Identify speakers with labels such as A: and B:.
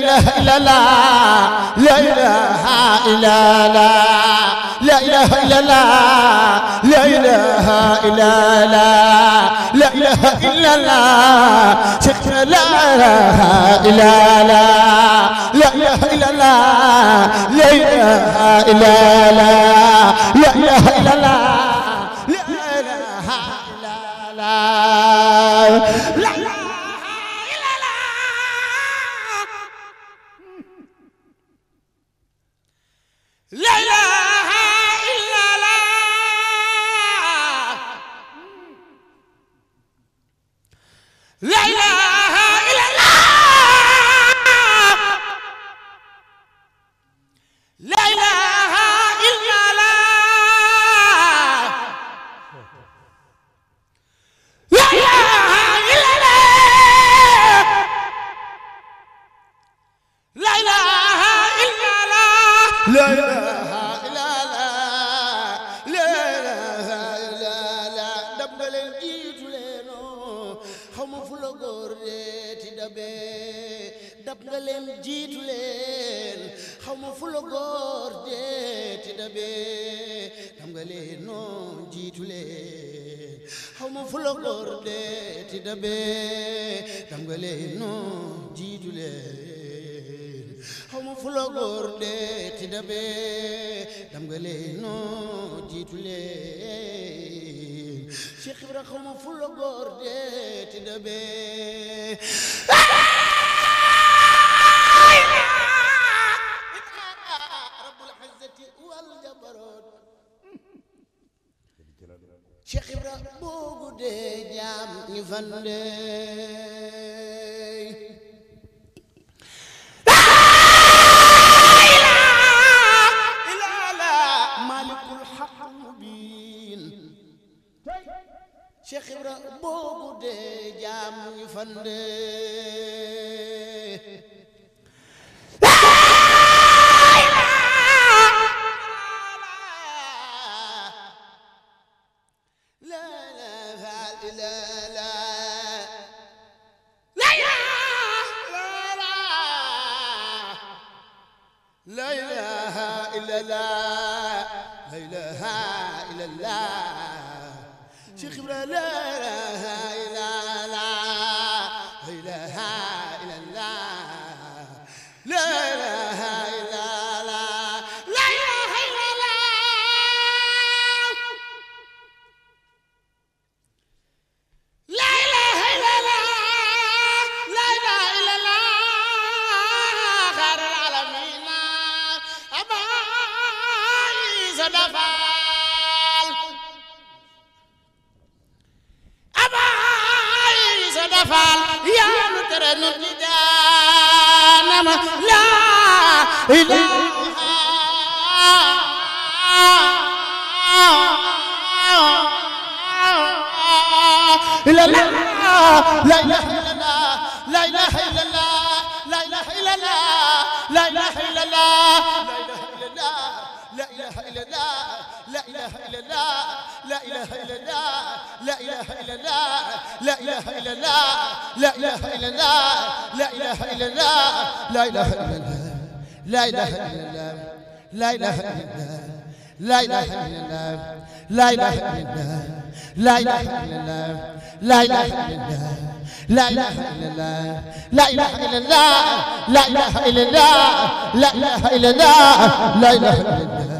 A: ilaha illallah la ilaha illallah la ilaha illallah la ilaha illallah la ilaha illallah shakra la ilaha illallah la ilaha illallah la ilaha illallah la ilaha illallah la ilaha illallah góor deeti dabe dab nga leen jiitu leen xaw ma nga leen noon jiitu leen xaw ma fu la góor noon jiitu Cheikh Ibra xawma fu la góor deeti dabee rabbul izzati wal jabarut Cheikh Ibra boogu dee jaam ñu fande Cheikh Ibra boo guddee jaam ñu fande la ilaha illallah la ilaha illallah Cheikh Ibra la ilaha la ilaha illallah la ilaha illallah la ilaha illallah la ilaha illallah la ilaha illallah khairul alamin amai sadafa faal yaa nu tere nu ci jaanama laa ilaaha illallah ilaha illallah la ilaha illallah la ilaha illallah la ilaha illallah la ilaha illallah la ilaha illallah la ilaha illallah la ilaha illallah la ilaha illallah la ilaha illallah la ilaha illallah la ilaha illallah la ilaha illallah لا إله إلا الله لا إله إلا الله لا إله إلا الله لا إله إلا الله لا إله إلا الله